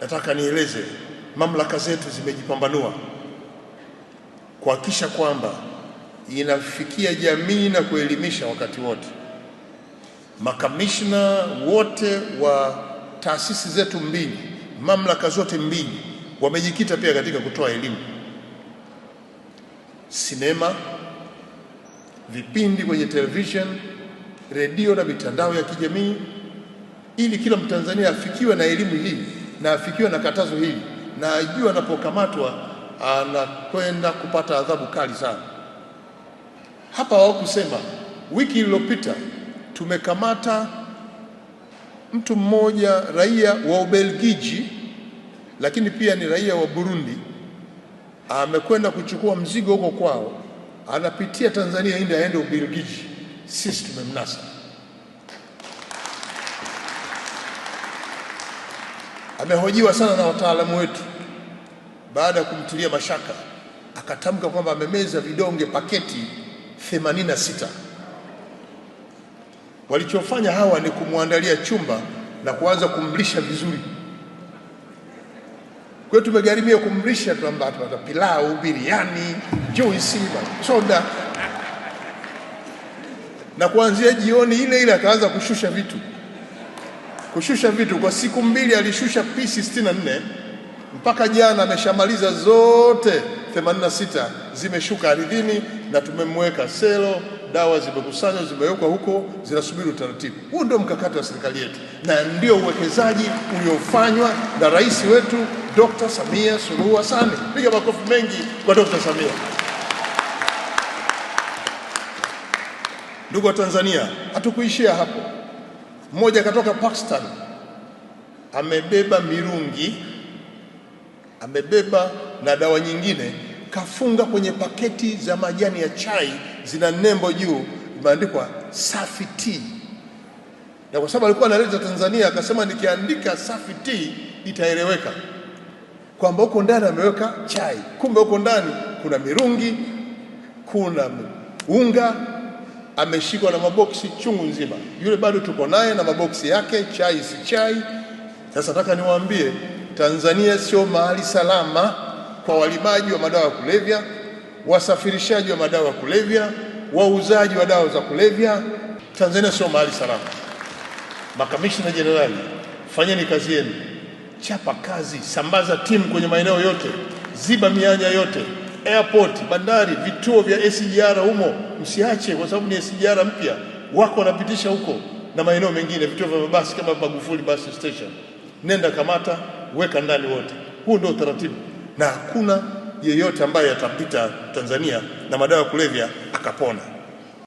nataka nieleze, mamlaka zetu zimejipambanua kuhakikisha kwamba inafikia jamii na kuelimisha wakati wote. Makamishna wote wa taasisi zetu mbili, mamlaka zote mbili, wamejikita pia katika kutoa elimu, sinema, vipindi kwenye television, redio na mitandao ya kijamii, ili kila Mtanzania afikiwe na elimu hii na afikiwe na katazo hili, na ajue anapokamatwa anakwenda kupata adhabu kali sana. Hapa hawakusema. Wiki iliyopita tumekamata mtu mmoja raia wa Ubelgiji, lakini pia ni raia wa Burundi, amekwenda kuchukua mzigo huko kwao, anapitia Tanzania ili aende Ubelgiji. Sisi tumemnasa. amehojiwa sana na wataalamu wetu, baada ya kumtilia mashaka akatamka kwamba amemeza vidonge paketi 86. Walichofanya hawa ni kumwandalia chumba na kuanza kumlisha vizuri. Kwa hiyo tumegharimia kumlisha kwamba pilau, biriani, juisi, soda, na kuanzia jioni ile ile akaanza kushusha vitu kushusha vitu kwa siku mbili, alishusha pisi 64 mpaka jana ameshamaliza zote 86 zimeshuka ardhini, na tumemweka selo, dawa zimekusanywa, zimewekwa huko, zinasubiri utaratibu. Huo ndio mkakati wa serikali yetu, na ndio uwekezaji uliofanywa na rais wetu Dr. Samia Suluhu Hassan. Piga makofi mengi kwa Dr. Samia. Ndugu wa Tanzania, hatukuishia hapo. Mmoja katoka Pakistan amebeba mirungi, amebeba na dawa nyingine, kafunga kwenye paketi za majani ya chai, zina nembo juu imeandikwa Safi Tea. Na kwa sababu alikuwa analeta Tanzania, akasema nikiandika Safi Tea itaeleweka kwamba huko ndani ameweka chai, kumbe huko ndani kuna mirungi, kuna unga ameshikwa na maboksi chungu nzima, yule bado tuko naye na maboksi yake, chai si chai. Sasa nataka niwaambie, Tanzania sio mahali salama kwa walimaji wa madawa ya kulevya, wasafirishaji wa madawa ya kulevya, wauzaji wa dawa za kulevya. Tanzania sio mahali salama. Makamishna jenerali, fanyeni kazi yenu, chapa kazi, sambaza timu kwenye maeneo yote, ziba mianya yote airport, bandari, vituo vya SGR humo msiache, kwa sababu ni SGR mpya, wako wanapitisha huko na maeneo mengine, vituo vya mabasi kama Magufuli bus station. Nenda kamata, weka ndani wote. Huu ndio utaratibu, na hakuna yeyote ambaye atapita Tanzania na madawa ya kulevya akapona.